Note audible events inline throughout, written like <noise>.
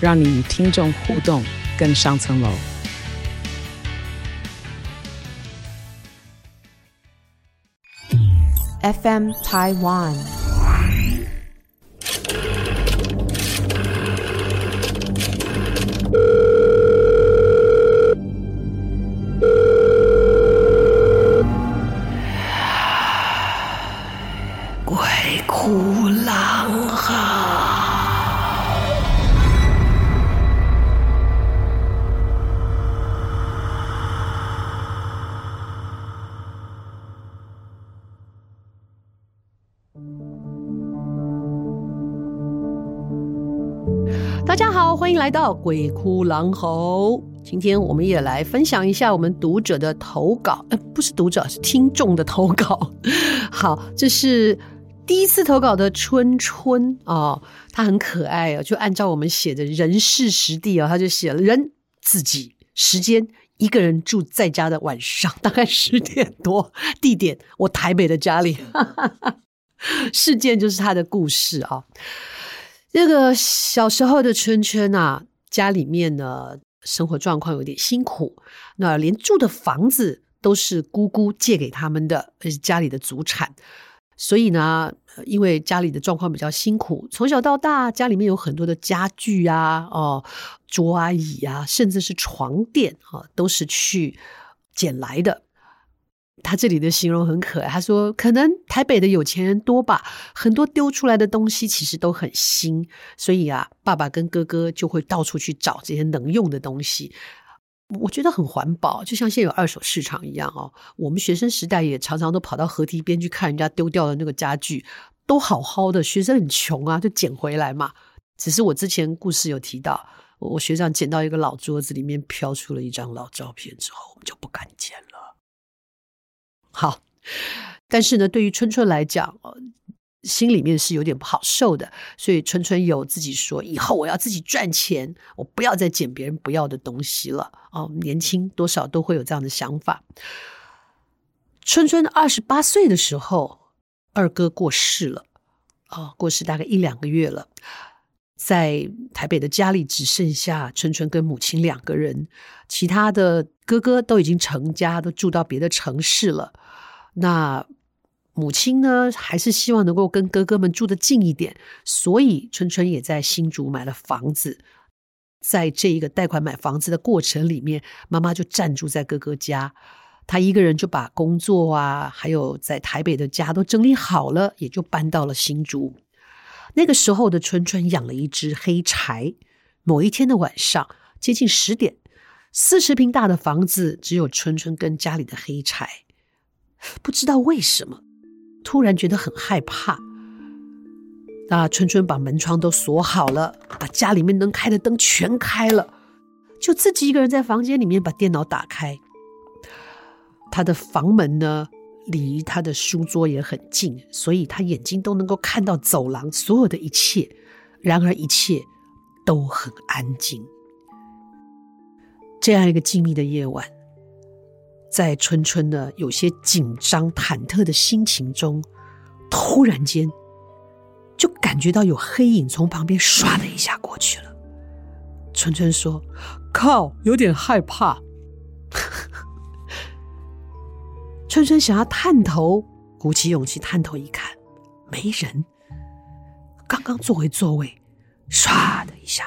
讓你與聽眾互動更上層樓。FM Taiwan。大家好，歡迎來到《鬼哭狼嚎》。今天我們也來分享一下我們讀者的投稿，呃，不是讀者，是聽眾的投稿。好，這是第一次投稿的春春啊，他、哦、很可愛啊、哦，就按照我們寫的“人事時地、哦”啊，他就寫了人自己時間一個人住在家的晚上，大概十點多，地點我台北的家裡， <laughs> 事件就是他的故事啊、哦。這、那個小時候的春春啊，家裡面呢，生活狀況有點辛苦，那連住的房子都是姑姑借給他們的，是家裡的祖產，所以呢，因為家裡的狀況比較辛苦，從小到大家裡面有很多的家具啊，哦，桌啊椅啊，甚至是床墊啊，都是去撿來的。他這裡的形容很可愛，他說：“可能台北的有錢人多吧，很多丟出來的東西其實都很新，所以啊，爸爸跟哥哥就會到處去找這些能用的東西。我覺得很環保，就像現在有二手市場一樣哦。我們學生時代也常常都跑到河堤邊去看人家丟掉的那個家具，都好好的。學生很窮啊，就撿回來嘛。只是我之前故事有提到，我學長撿到一個老桌子，裡面飄出了一張老照片之後，我們就不敢撿了。”好，但是呢，對於春春來講，呃，心裡面是有點不好受的，所以春春有自己說，以後我要自己賺錢，我不要再撿別人不要的東西了。哦，呃，年輕多少都會有這樣的想法。春春二十八歲的時候，二哥過世了，哦，呃，過世大概一兩個月了，在台北的家裡只剩下春春跟母親兩個人，其他的。哥哥都已經成家，都住到別的城市了。那母親呢，還是希望能夠跟哥哥們住得近一點，所以春春也在新竹買了房子。在這一個貸款買房子的過程裡面，媽媽就暫住在哥哥家，她一個人就把工作啊，還有在台北的家都整理好了，也就搬到了新竹。那個時候的春春養了一隻黑柴，某一天的晚上，接近十點。四十平大的房子，只有春春跟家裡的黑柴。不知道為什麼，突然覺得很害怕。那春春把門窗都鎖好了，把家裡面能開的燈全開了，就自己一個人在房間裡面把電腦打開。他的房門呢，離他的書桌也很近，所以他眼睛都能夠看到走廊所有的一切，然而一切都很安靜。這樣一個靜謐的夜晚，在春春的有些緊張忐忑的心情中，突然間就感覺到有黑影從旁邊唰的一下過去了。春春說：“靠，有點害怕。 <laughs> ”春春想要探頭，鼓起勇氣探頭一看，沒人。剛剛坐回座位，唰的一下，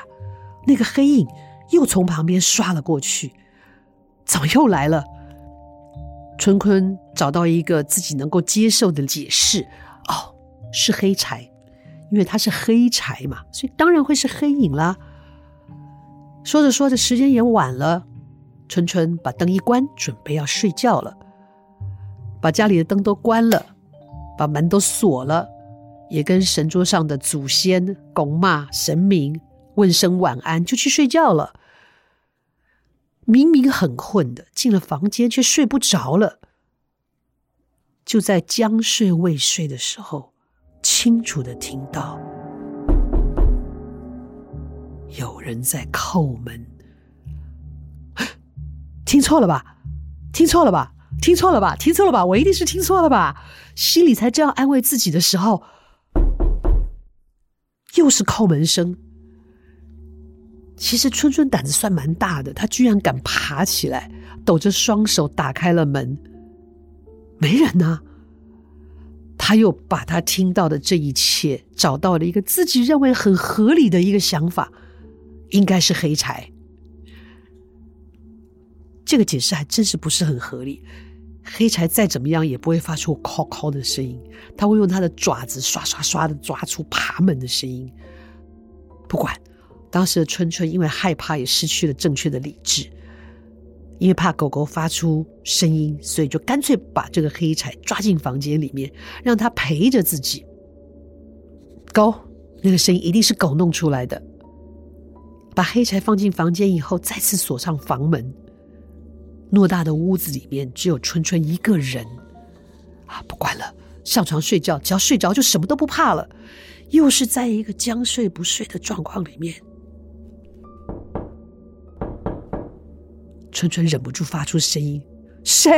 那個黑影。又從旁邊刷了過去，怎麼又來了？春春找到一個自己能夠接受的解釋，哦，是黑柴，因為他是黑柴嘛，所以當然會是黑影啦。說着說着，時間也晚了，春春把燈一關，準備要睡覺了，把家裡的燈都關了，把門都鎖了，也跟神桌上的祖先公媽神明，問聲晚安，就去睡覺了。明明很困的，進了房間卻睡不着了。就在將睡未睡的時候，清楚的聽到有人在叩門。聽錯了吧？聽錯了吧？聽錯了吧？聽錯了吧？我一定是聽錯了吧？心裡才這樣安慰自己的時候，又是叩門聲。其實春春膽子算蠻大的，他居然敢爬起來，抖着雙手打開了門。沒人吶、啊。他又把他聽到的這一切找到了一個自己認為很合理的一個想法，應該是黑柴。這個解釋還真是不是很合理。黑柴再怎麼樣也不會發出“叩叩”的聲音，他會用他的爪子刷刷刷的抓出爬門的聲音。不管。當時的春春因為害怕，也失去了正確的理智，因為怕狗狗發出聲音，所以就乾脆把這個黑柴抓進房間裡面，讓它陪着自己。狗，那個聲音一定是狗弄出來的。把黑柴放進房間以後，再次鎖上房門。偌大的屋子裡面只有春春一個人。啊，不管了，上床睡覺，只要睡着就什麼都不怕了。又是在一個將睡不睡的狀況裡面。春春忍不住發出聲音：“誰？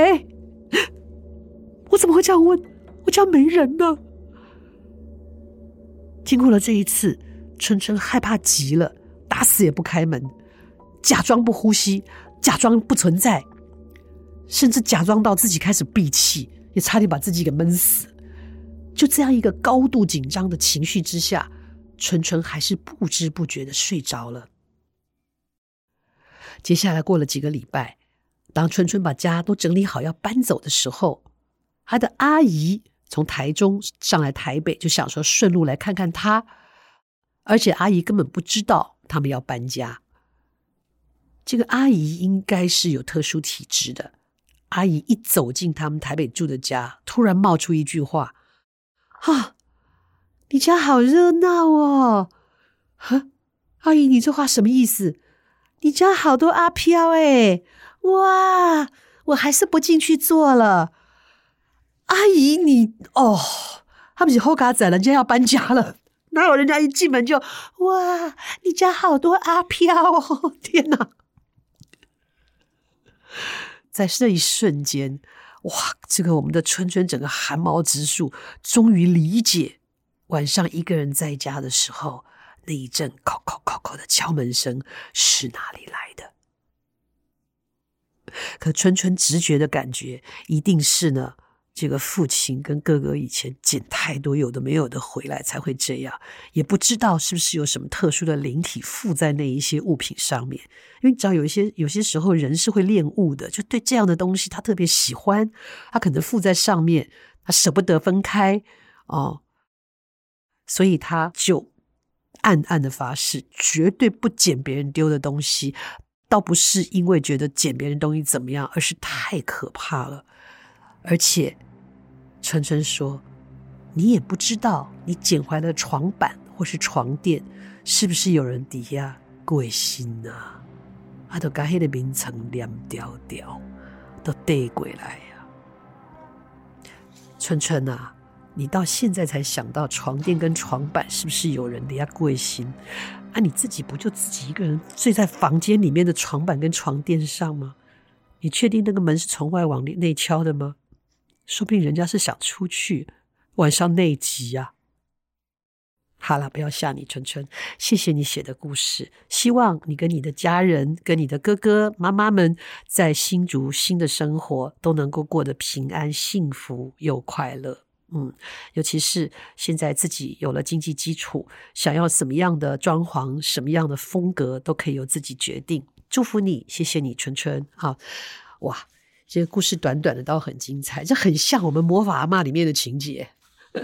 我怎麼會這樣問？我家沒人呢？”經過了這一次，春春害怕極了，打死也不開門，假裝不呼吸，假裝不存在，甚至假裝到自己開始閉氣，也差點把自己給悶死。就這樣一個高度緊張的情緒之下，春春還是不知不覺的睡着了。接下來過了幾個禮拜，當春春把家都整理好要搬走的時候，他的阿姨從台中上來台北，就想說順路來看看他。而且阿姨根本不知道他們要搬家。這個阿姨應該是有特殊體質的。阿姨一走進他們台北住的家，突然冒出一句話：“啊，你家好熱鬧哦！”“啊，阿姨，你這話什麼意思？”你家好多阿飄誒、欸、哇，我還是不進去坐了。阿姨你，你哦！他們是後家仔，人家要搬家了，哪有人家一進門就哇，你家好多阿飄哦，天哪！ <laughs> 在這一瞬間，哇！這個我們的春春整個寒毛直豎，終於理解晚上一個人在家的時候，那一陣“叩叩叩叩”的敲門聲是哪裡來的？可春春直覺的感覺一定是呢，這個父親跟哥哥以前撿太多有的沒有的回來才會這樣。也不知道是不是有什麼特殊的靈體附在那一些物品上面，因為你知道，有一些有些時候人是會戀物的，就對這樣的東西他特別喜歡，他可能附在上面，他捨不得分開哦，所以他就。暗暗的發誓，絕對不撿別人丟的東西。倒不是因為覺得撿別人東西怎麼樣，而是太可怕了。而且，春春說：“你也不知道，你撿回來的床板或是床墊，是不是有人底下貴心吶、啊？阿都改黑的名稱涼掉掉，都帶過來呀，春春啊。”你到現在才想到床墊跟床板是不是有人的呀？貴心啊，你自己不就自己一個人睡在房間裡面的床板跟床墊上嗎？你確定那個門是從外往裡內敲的嗎？說不定人家是想出去晚上內急啊！好了，不要嚇你春春，謝謝你寫的故事。希望你跟你的家人、跟你的哥哥媽媽們在新竹新的生活都能夠過得平安、幸福又快樂。嗯，尤其是現在自己有了經濟基礎，想要什麼樣的裝潢、什麼樣的風格，都可以由自己決定。祝福你，謝謝你，春春。好、啊，哇，這個故事短短的，倒很精彩。這很像我們《魔法阿媽》裡面的情節。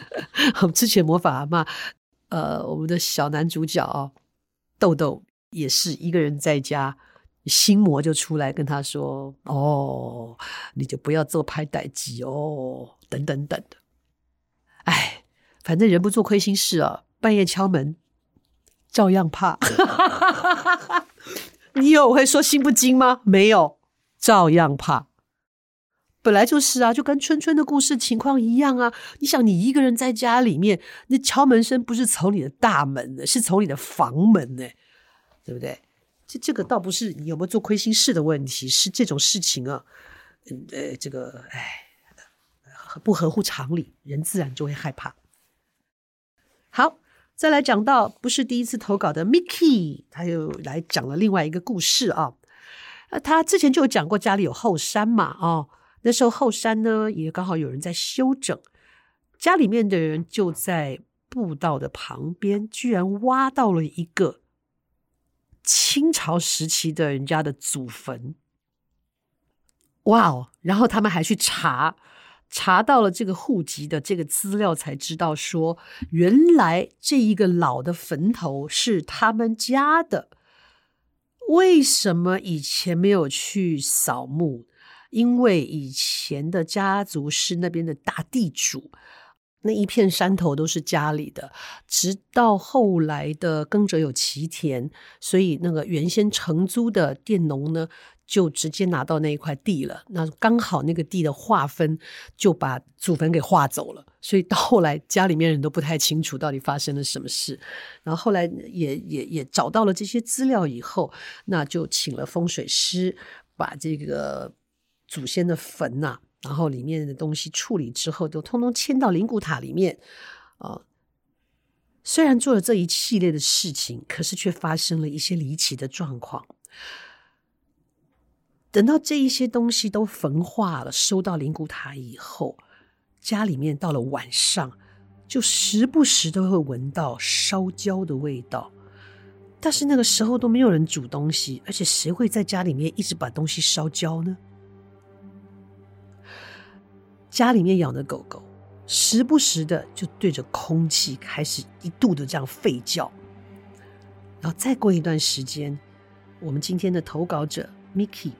<laughs> 之前《魔法阿媽》，呃，我們的小男主角、哦、豆豆也是一個人在家，心魔就出來跟他說：“哦、oh,，你就不要做拍帶機哦，等等等哎，反正人不做虧心事啊，半夜敲門照樣怕。 <laughs> 你有會說心不驚嗎？沒有，照樣怕。本來就是啊，就跟春春的故事情況一樣啊。你想，你一個人在家裡面，那敲門聲不是從你的大門呢，是從你的房門呢、欸，對不對？這這個倒不是你有沒有做虧心事的問題，是這種事情啊，嗯，呃，這個，哎。不合乎常理，人自然就會害怕。好，再來講到不是第一次投稿的 Mickey，他又來講了另外一個故事啊。他之前就有講過，家裡有後山嘛，哦，那時候後山呢也剛好有人在修整，家裡面的人就在步道的旁邊，居然挖到了一個清朝時期的人家的祖墳。哇哦，然後他們還去查。查到了這個戶籍的這個資料，才知道說，原來這一個老的墳頭是他們家的。為什麼以前沒有去掃墓？因為以前的家族是那邊的大地主，那一片山頭都是家裡的。直到後來的耕者有其田，所以那個原先承租的佃農呢。就直接拿到那一塊地了，那剛好那個地的劃分就把祖墳給劃走了，所以到後來家裡面人都不太清楚到底發生了什麼事。然後後來也也也找到了這些資料以後，那就請了風水師把這個祖先的墳吶、啊，然後裡面的東西處理之後，就通通遷到靈骨塔裡面。啊、呃，雖然做了這一系列的事情，可是卻發生了一些離奇的狀況。等到這一些東西都焚化了，收到靈骨塔以後，家裡面到了晚上，就時不時都會聞到燒焦的味道。但是那個時候都沒有人煮東西，而且誰會在家裡面一直把東西燒焦呢？家裡面養的狗狗時不時的就對着空氣開始一度的這樣吠叫。然後再過一段時間，我們今天的投稿者 Micky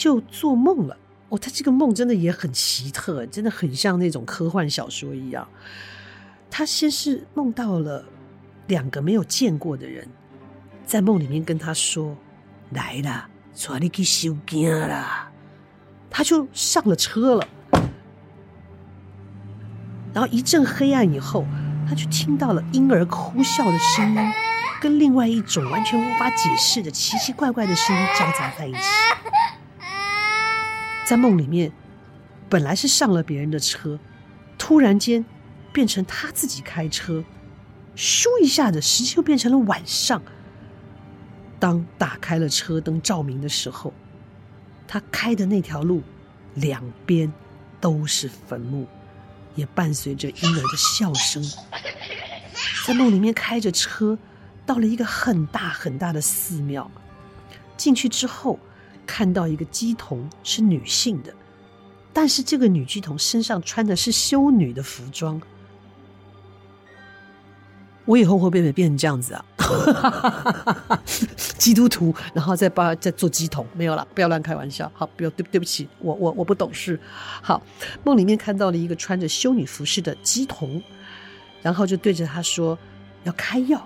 就做夢了哦，他這個夢真的也很奇特，真的很像那種科幻小說一樣。他先是夢到了兩個沒有見過的人，在夢裡面跟他說：“來了，抓你去收驚了。”他就上了車了，然後一陣黑暗以後，他就聽到了嬰兒哭笑的聲音，跟另外一種完全無法解釋的奇奇怪怪的聲音交雜在一起。在夢裡面，本來是上了別人的車，突然間變成他自己開車，咻一下子，時間又變成了晚上。當打開了車燈照明的時候，他開的那條路兩邊都是墳墓，也伴隨着嬰兒的笑聲。在夢裡面開着車，到了一個很大很大的寺廟，進去之後。看到一個乩童是女性的，但是這個女乩童身上穿的是修女的服裝。我以後會不會變成這樣子啊？ <laughs> 基督徒，然後再把再做乩童沒有了？不要亂開玩笑。好，不要，對對不起，我我我不懂事。好，夢裡面看到了一個穿着修女服飾的乩童，然後就對着她說要開藥，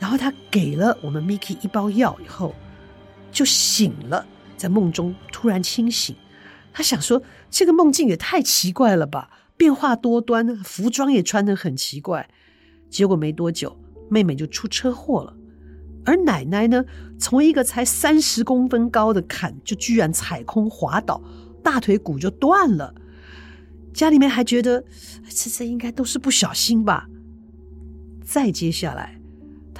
然後她給了我們 Micky 一包藥以後。就醒了，在夢中突然清醒，他想說這個夢境也太奇怪了吧，變化多端，服裝也穿得很奇怪。結果沒多久，妹妹就出車禍了，而奶奶呢，從一個才三十公分高的坎就居然踩空滑倒，大腿骨就斷了。家裡面還覺得這這應該都是不小心吧。再接下來。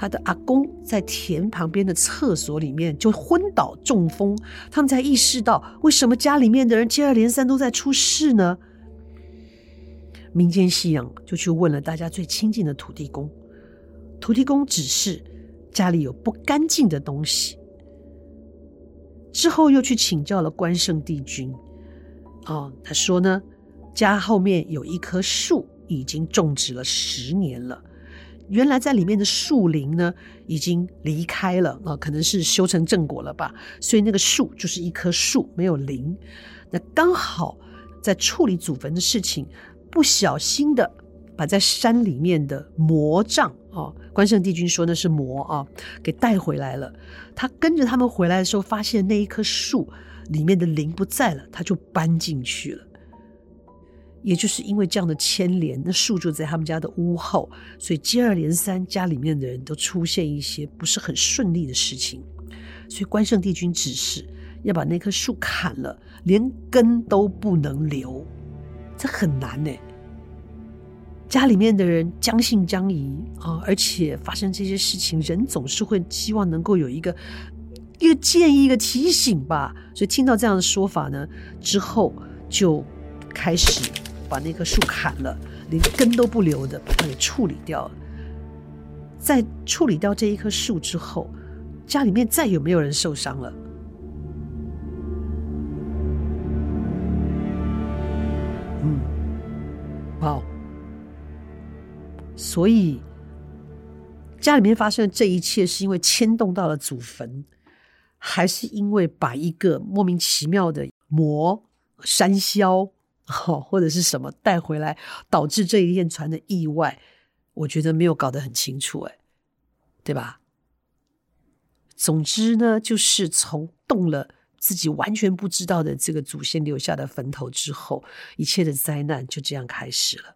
他的阿公在田旁邊的廁所裡面就昏倒中風，他們才意識到，為什麼家裡面的人接二連三都在出事呢？民間信仰就去問了大家最親近的土地公，土地公指示家裡有不乾淨的東西。之後又去請教了關聖帝君，哦，他說呢，家後面有一棵樹已經種植了十年了。原來在裡面的樹靈呢，已經離開了啊，可能是修成正果了吧，所以那個樹就是一棵樹，沒有靈。那剛好在處理祖墳的事情，不小心的把在山裡面的魔杖啊，關聖帝君說那是魔啊，給帶回來了。他跟着他們回來的時候，發現那一棵樹裡面的靈不在了，他就搬進去了。也就是因為這樣的牽連，那樹就在他們家的屋後，所以接二連三，家裡面的人都出現一些不是很順利的事情。所以關聖帝君指示要把那棵樹砍了，連根都不能留。這很難呢、欸。家裡面的人將信將疑啊、哦，而且發生這些事情，人總是會希望能夠有一個一個建議、一個提醒吧。所以聽到這樣的說法呢之後，就開始。把那棵樹砍了，連根都不留的把它給處理掉了。在處理掉這一棵樹之後，家裡面再也沒有人受傷了。嗯，好、wow.。所以，家裡面發生的這一切，是因為牽動到了祖墳，還是因為把一個莫名其妙的魔山魈？哦，或者是什麼帶回來，導致這一連串的意外，我覺得沒有搞得很清楚，欸，哎，對吧？總之呢，就是從動了自己完全不知道的這個祖先留下的墳頭之後，一切的災難就這樣開始了。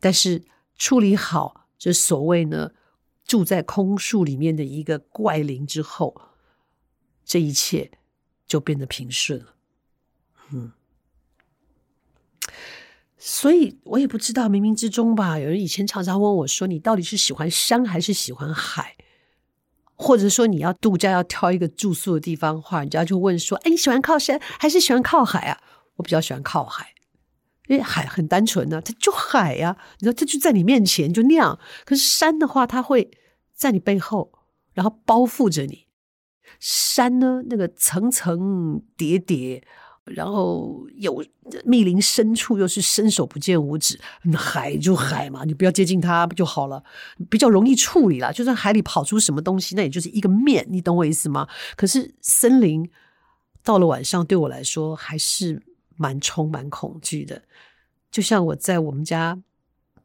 但是處理好這所謂呢，住在空樹裡面的一個怪靈之後，這一切就變得平順了，嗯。所以，我也不知道，冥冥之中吧。有人以前常常問我說：“你到底是喜歡山還是喜歡海？”或者說，你要度假要挑一個住宿的地方的話，人家就問說：“哎，你喜歡靠山還是喜歡靠海啊？”我比較喜歡靠海，因為海很單純呢、啊，它就海呀、啊，你知道，它就在你面前就那樣。可是山的話，它會在你背後，然後包覆着你。山呢，那個層層疊疊。然後有密林深處，又是伸手不見五指，嗯。海就海嘛，你不要接近它就好了，比較容易處理啦。就算海裡跑出什麼東西，那也就是一個面，你懂我意思嗎？可是森林到了晚上，對我來說還是蠻充滿恐懼的。就像我在我們家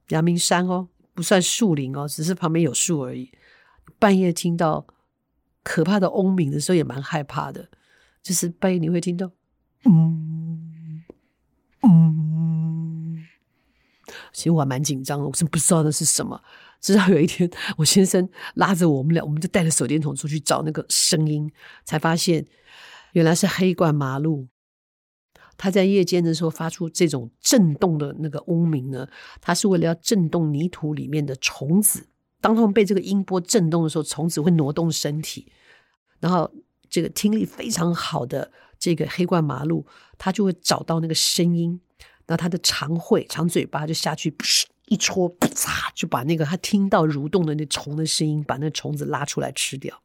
陽明山哦，不算樹林哦，只是旁邊有樹而已。半夜聽到可怕的嗡鳴的時候，也蠻害怕的。就是半夜你會聽到。嗯嗯，其實我還蠻緊張的，我真不知道那是什麼。直到有一天，我先生拉着我們倆，我們就帶着手電筒出去找那個聲音，才發現原來是黑冠麻鷺。它在夜間的時候發出這種震動的那個嗡鳴呢，它是為了要震動泥土裡面的蟲子。當它們被這個音波震動的時候，蟲子會挪動身體，然後這個聽力非常好的。這個黑冠麻鷺，它就會找到那個聲音，然後它的長喙、長嘴巴就下去，噗一戳，噗嚓，就把那個它聽到蠕動的那蟲的聲音，把那蟲子拉出來吃掉。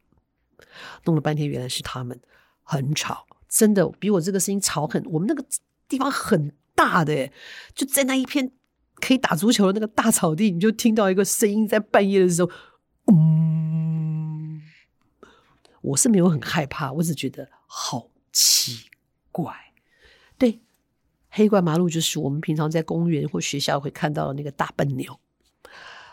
弄了半天，原來是他們很吵，真的比我這個聲音吵很。我們那個地方很大的，就在那一片可以打足球的那個大草地，你就聽到一個聲音在半夜的時候，嗯，我是沒有很害怕，我只覺得好奇怪，對，黑冠麻鷺就是我們平常在公園或學校會看到的那個大笨鳥。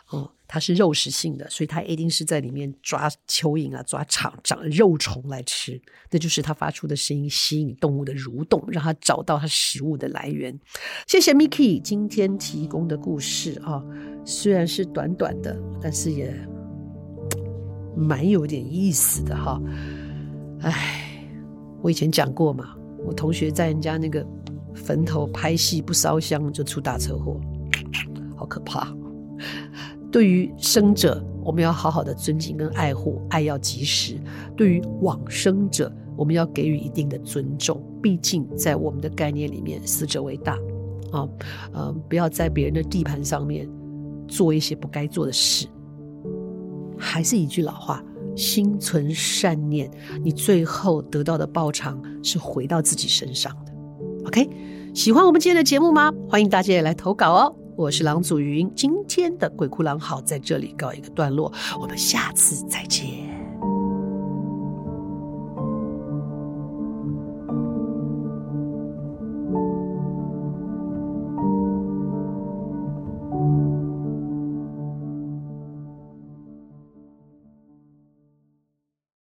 哦、嗯，它是肉食性的,所以它一定是在裡面抓蚯蚓啊，抓長長肉蟲來吃。那就是它發出的聲音吸引動物的蠕動，讓它找到它食物的來源。謝謝 Micky 今天提供的故事啊，雖然是短短的，但是也蠻有點意思的哈。哎。我以前講過嘛，我同學在人家那個墳頭拍戲不燒香，就出大車禍，好可怕。對於生者，我們要好好的尊敬跟愛護，愛要及時；對於往生者，我們要給予一定的尊重，畢竟在我們的概念裡面，死者為大。啊，呃，不要在別人的地盤上面做一些不該做的事。還是一句老話。心存善念，你最後得到的報償是回到自己身上的。OK，喜歡我們今天的節目嗎？歡迎大家也來投稿哦。我是郎祖筠，今天的鬼哭狼嚎在這裡告一個段落，我們下次再見。